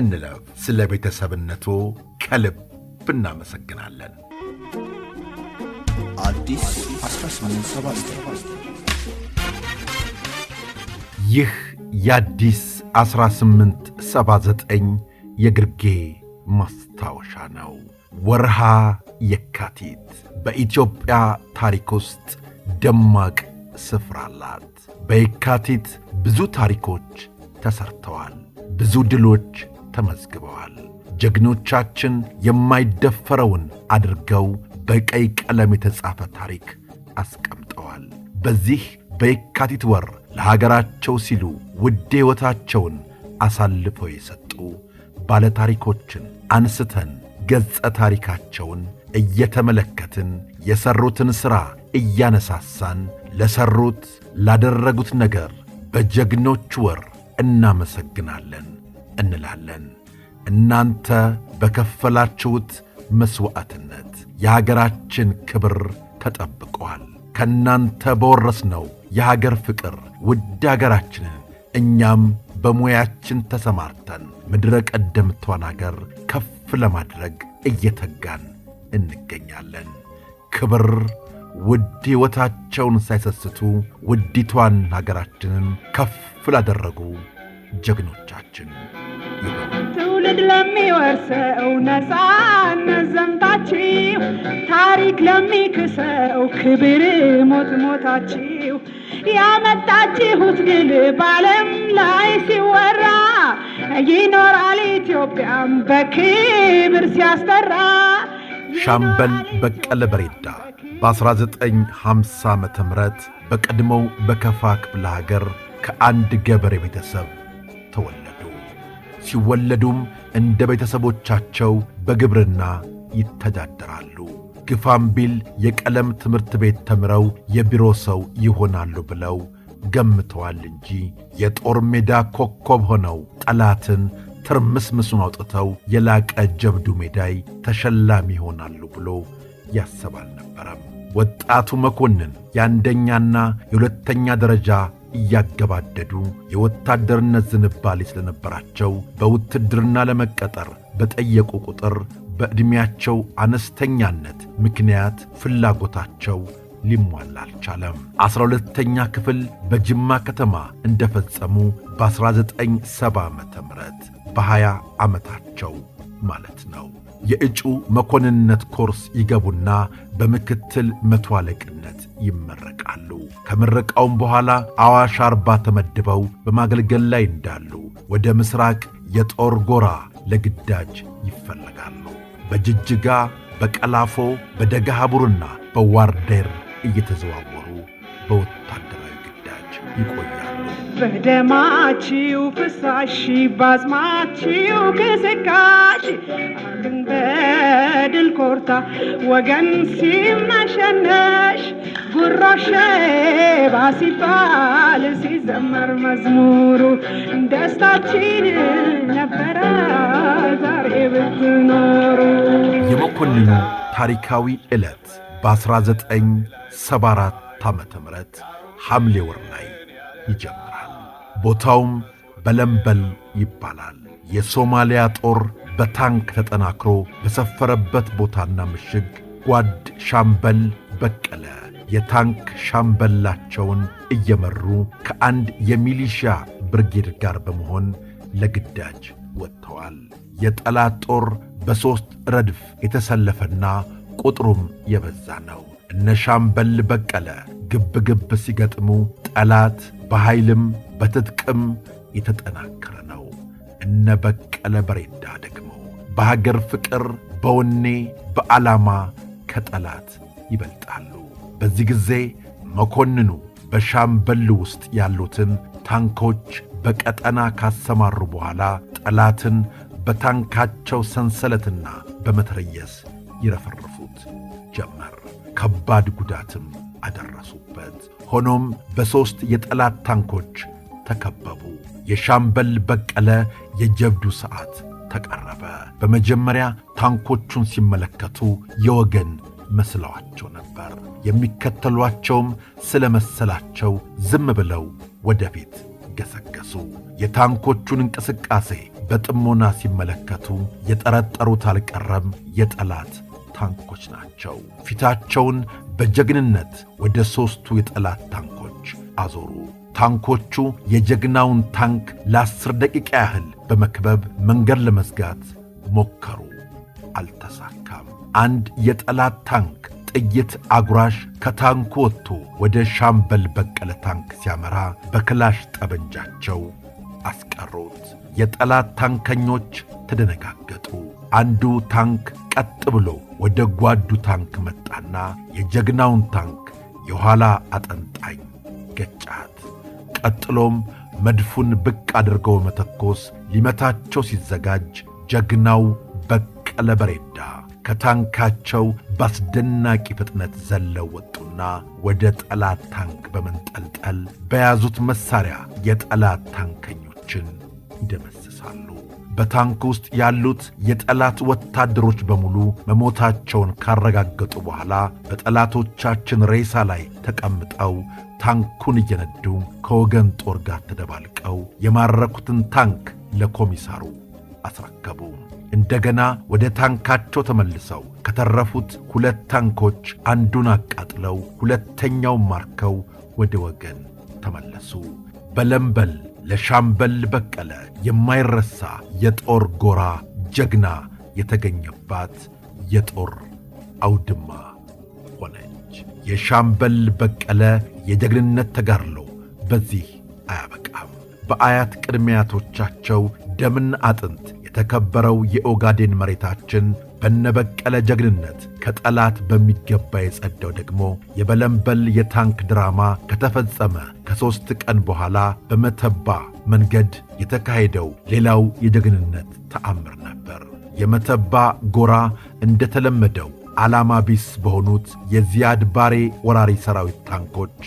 እንለፍ። ስለ ቤተሰብነቱ ከልብ እናመሰግናለን። ይህ የአዲስ 1879 የግርጌ ማስታወሻ ነው። ወርሃ የካቲት በኢትዮጵያ ታሪክ ውስጥ ደማቅ ስፍራ አላት። በየካቲት ብዙ ታሪኮች ተሰርተዋል። ብዙ ድሎች ተመዝግበዋል። ጀግኖቻችን የማይደፈረውን አድርገው በቀይ ቀለም የተጻፈ ታሪክ አስቀምጠዋል። በዚህ በየካቲት ወር ለሀገራቸው ሲሉ ውድ ሕይወታቸውን አሳልፈው የሰጡ ባለታሪኮችን አንስተን ገጸ ታሪካቸውን እየተመለከትን የሠሩትን ሥራ እያነሳሳን ለሠሩት ላደረጉት ነገር በጀግኖች ወር እናመሰግናለን እንላለን። እናንተ በከፈላችሁት መሥዋዕትነት የሀገራችን ክብር ተጠብቋል። ከእናንተ በወረስነው የሀገር ፍቅር ውድ አገራችንን እኛም በሙያችን ተሰማርተን ምድረ ቀደምቷን አገር ከፍ ለማድረግ እየተጋን እንገኛለን። ክብር ውድ ሕይወታቸውን ሳይሰስቱ ውዲቷን አገራችንን ከፍ ላደረጉ ጀግኖቻችን ትውልድ ለሚወርሰው ነፃነት ዘምታችሁ ታሪክ ለሚክሰው ክብር ሞት ሞታችሁ ያመጣችሁት ድል በዓለም ላይ ሲወራ ይኖራል ኢትዮጵያም በክብር ሲያስጠራ። ሻምበል በቀለ በሬዳ በ1950 ዓ ም በቀድሞው በከፋ ክፍለ ሀገር ከአንድ ገበሬ ቤተሰብ ተወለዱ። ሲወለዱም እንደ ቤተሰቦቻቸው በግብርና ይተዳደራሉ። ግፋም ቢል የቀለም ትምህርት ቤት ተምረው የቢሮ ሰው ይሆናሉ ብለው ገምተዋል እንጂ የጦር ሜዳ ኮከብ ሆነው ጠላትን ትርምስምሱን አውጥተው የላቀ ጀብዱ ሜዳይ ተሸላሚ ይሆናሉ ብሎ ያሰብ አልነበረም። ወጣቱ መኮንን የአንደኛና የሁለተኛ ደረጃ እያገባደዱ የወታደርነት ዝንባሌ ስለነበራቸው በውትድርና ለመቀጠር በጠየቁ ቁጥር በዕድሜያቸው አነስተኛነት ምክንያት ፍላጎታቸው ሊሟላ አልቻለም። ዐሥራ ሁለተኛ ክፍል በጅማ ከተማ ፈጸሙ በ1970 ዓ ም በ20 ዓመታቸው ማለት ነው። የእጩ መኮንንነት ኮርስ ይገቡና በምክትል መቶ አለቅነት ይመረቃሉ። ከምረቃውም በኋላ አዋሽ አርባ ተመድበው በማገልገል ላይ እንዳሉ ወደ ምስራቅ የጦር ጎራ ለግዳጅ ይፈለጋሉ። በጅጅጋ፣ በቀላፎ፣ በደገ ሀቡርና በዋርዴር እየተዘዋወሩ በውት በደማችው ፍሳሽ ባዝማችው ክስካሽ አገርን በድል ኮርታ ወገን ሲመሸነሽ! ጉራሽ ባሲባል ሲዘመር መዝሙሩ ደስታችን ነበረ ዛሬ ብትኖሩ። የመኮንኑ ታሪካዊ ዕለት በ1974 ዓ ም ሐምሌ ወር ላይ ይጀምራል። ቦታውም በለምበል ይባላል። የሶማሊያ ጦር በታንክ ተጠናክሮ በሰፈረበት ቦታና ምሽግ ጓድ ሻምበል በቀለ የታንክ ሻምበላቸውን እየመሩ ከአንድ የሚሊሻ ብርጌድ ጋር በመሆን ለግዳጅ ወጥተዋል። የጠላት ጦር በሦስት ረድፍ የተሰለፈና ቁጥሩም የበዛ ነው። እነ ሻምበል በቀለ ግብ ሲገጥሙ ጠላት በኃይልም በትጥቅም የተጠናከረ ነው። እነ በቀለ በሬዳ ደግሞ በሀገር ፍቅር በወኔ በዓላማ ከጠላት ይበልጣሉ። በዚህ ጊዜ መኮንኑ በሻምበል ውስጥ ያሉትን ታንኮች በቀጠና ካሰማሩ በኋላ ጠላትን በታንካቸው ሰንሰለትና በመትረየስ ይረፈርፉት ጀመር። ከባድ ጉዳትም አደረሱበት። ሆኖም በሦስት የጠላት ታንኮች ተከበቡ። የሻምበል በቀለ የጀብዱ ሰዓት ተቀረበ በመጀመሪያ ታንኮቹን ሲመለከቱ የወገን መስለዋቸው ነበር። የሚከተሏቸውም ስለ መሰላቸው ዝም ብለው ወደ ቤት ገሰገሱ። የታንኮቹን እንቅስቃሴ በጥሞና ሲመለከቱ የጠረጠሩት አልቀረም የጠላት ታንኮች ናቸው። ፊታቸውን በጀግንነት ወደ ሦስቱ የጠላት ታንኮች አዞሩ። ታንኮቹ የጀግናውን ታንክ ለአስር ደቂቃ ያህል በመክበብ መንገድ ለመዝጋት ሞከሩ። አልተሳካም። አንድ የጠላት ታንክ ጥይት አጉራሽ ከታንኩ ወጥቶ ወደ ሻምበል በቀለ ታንክ ሲያመራ በክላሽ ጠበንጃቸው አስቀሩት። የጠላት ታንከኞች ተደነጋገጡ። አንዱ ታንክ ቀጥ ብሎ ወደ ጓዱ ታንክ መጣና የጀግናውን ታንክ የኋላ አጠንጣኝ ገጫት። ቀጥሎም መድፉን ብቅ አድርገው መተኮስ ሊመታቸው ሲዘጋጅ ጀግናው በቀለ በሬዳ ከታንካቸው በአስደናቂ ፍጥነት ዘለው ወጡና ወደ ጠላት ታንክ በመንጠልጠል በያዙት መሣሪያ የጠላት ታንከኝ ሀገሮችን ይደመስሳሉ። በታንክ ውስጥ ያሉት የጠላት ወታደሮች በሙሉ መሞታቸውን ካረጋገጡ በኋላ በጠላቶቻችን ሬሳ ላይ ተቀምጠው ታንኩን እየነዱ ከወገን ጦር ጋር ተደባልቀው የማረኩትን ታንክ ለኮሚሳሩ አስረከቡ። እንደገና ወደ ታንካቸው ተመልሰው ከተረፉት ሁለት ታንኮች አንዱን አቃጥለው ሁለተኛውን ማርከው ወደ ወገን ተመለሱ። በለምበል ለሻምበል በቀለ የማይረሳ የጦር ጎራ ጀግና የተገኘባት የጦር አውድማ ሆነች። የሻምበል በቀለ የጀግንነት ተጋድሎ በዚህ አያበቃም። በአያት ቅድሚያቶቻቸው ደምን አጥንት የተከበረው የኦጋዴን መሬታችን በነበቀለ ጀግንነት ከጠላት በሚገባ የጸዳው ደግሞ የበለምበል የታንክ ድራማ ከተፈጸመ ከሦስት ቀን በኋላ በመተባ መንገድ የተካሄደው ሌላው የጀግንነት ተአምር ነበር። የመተባ ጎራ እንደተለመደው ዓላማ ቢስ በሆኑት የዚያድ ባሬ ወራሪ ሰራዊት ታንኮች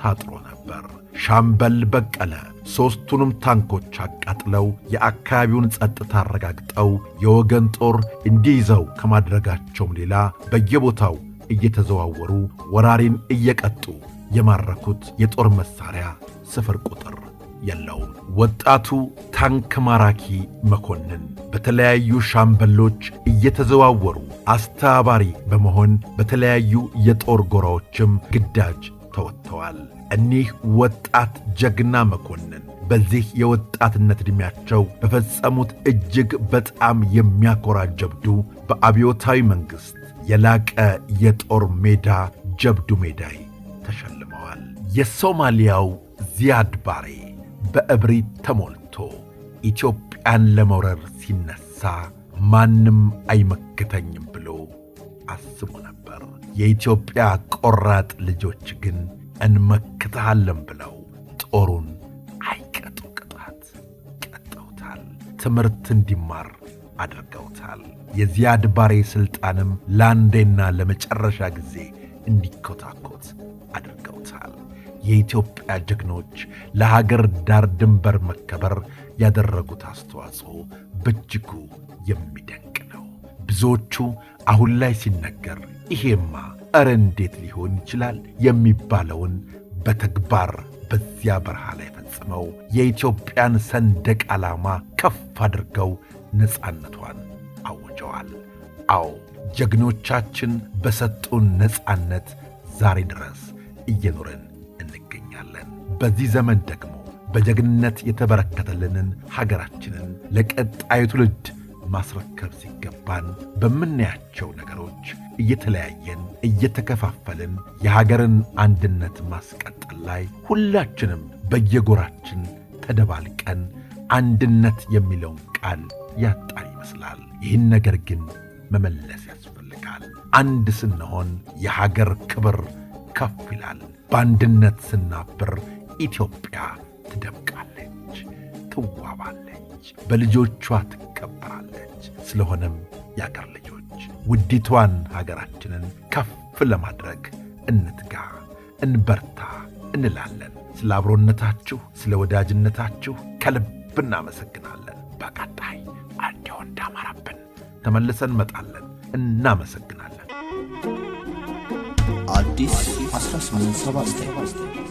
ታጥሮ ነበር። ሻምበል በቀለ ሦስቱንም ታንኮች አቃጥለው የአካባቢውን ጸጥታ አረጋግጠው የወገን ጦር እንዲይዘው ከማድረጋቸውም ሌላ በየቦታው እየተዘዋወሩ ወራሪን እየቀጡ የማረኩት የጦር መሣሪያ ስፍር ቁጥር የለውም። ወጣቱ ታንክ ማራኪ መኮንን በተለያዩ ሻምበሎች እየተዘዋወሩ አስተባባሪ በመሆን በተለያዩ የጦር ጎራዎችም ግዳጅ ተወጥተዋል። እኒህ ወጣት ጀግና መኮንን በዚህ የወጣትነት ዕድሜያቸው በፈጸሙት እጅግ በጣም የሚያኮራ ጀብዱ በአብዮታዊ መንግሥት የላቀ የጦር ሜዳ ጀብዱ ሜዳይ ተሸልመዋል። የሶማሊያው ዚያድ ባሬ በእብሪት ተሞልቶ ኢትዮጵያን ለመውረር ሲነሣ ማንም አይመክተኝም ብሎ አስቦ ነበር። የኢትዮጵያ ቆራጥ ልጆች ግን እንመክትሃለን ብለው ጦሩን አይቀጡ ቅጣት ቀጠውታል። ትምህርት እንዲማር አድርገውታል። የዚያድ ባሬ ሥልጣንም ለአንዴና ለመጨረሻ ጊዜ እንዲኮታኮት አድርገውታል። የኢትዮጵያ ጀግኖች ለሀገር ዳር ድንበር መከበር ያደረጉት አስተዋጽኦ በእጅጉ የሚደንቅ ነው። ብዙዎቹ አሁን ላይ ሲነገር ይሄማ ኧረ እንዴት ሊሆን ይችላል የሚባለውን በተግባር በዚያ በረሃ ላይ ፈጽመው የኢትዮጵያን ሰንደቅ ዓላማ ከፍ አድርገው ነፃነቷን አውጀዋል። አዎ ጀግኖቻችን በሰጡን ነፃነት ዛሬ ድረስ እየኖርን እንገኛለን። በዚህ ዘመን ደግሞ በጀግንነት የተበረከተልንን ሀገራችንን ለቀጣዩ ትውልድ ማስረከብ ሲገባን በምናያቸው ነገሮች እየተለያየን እየተከፋፈልን የሀገርን አንድነት ማስቀጠል ላይ ሁላችንም በየጎራችን ተደባልቀን አንድነት የሚለውን ቃል ያጣን ይመስላል። ይህን ነገር ግን መመለስ ያስፈልጋል። አንድ ስንሆን የሀገር ክብር ከፍ ይላል። በአንድነት ስናብር ኢትዮጵያ ትደምቃለች፣ ትዋባለች፣ በልጆቿ ትቀበላለች። ስለሆነም የአገር ልጆች ውዲቷን ሀገራችንን ከፍ ለማድረግ እንትጋ፣ እንበርታ እንላለን። ስለ አብሮነታችሁ፣ ስለ ወዳጅነታችሁ ከልብ እናመሰግናለን። በቀጣይ እንዲሁ እንዳማረብን ተመልሰን መጣለን። እናመሰግናለን። አዲስ 1879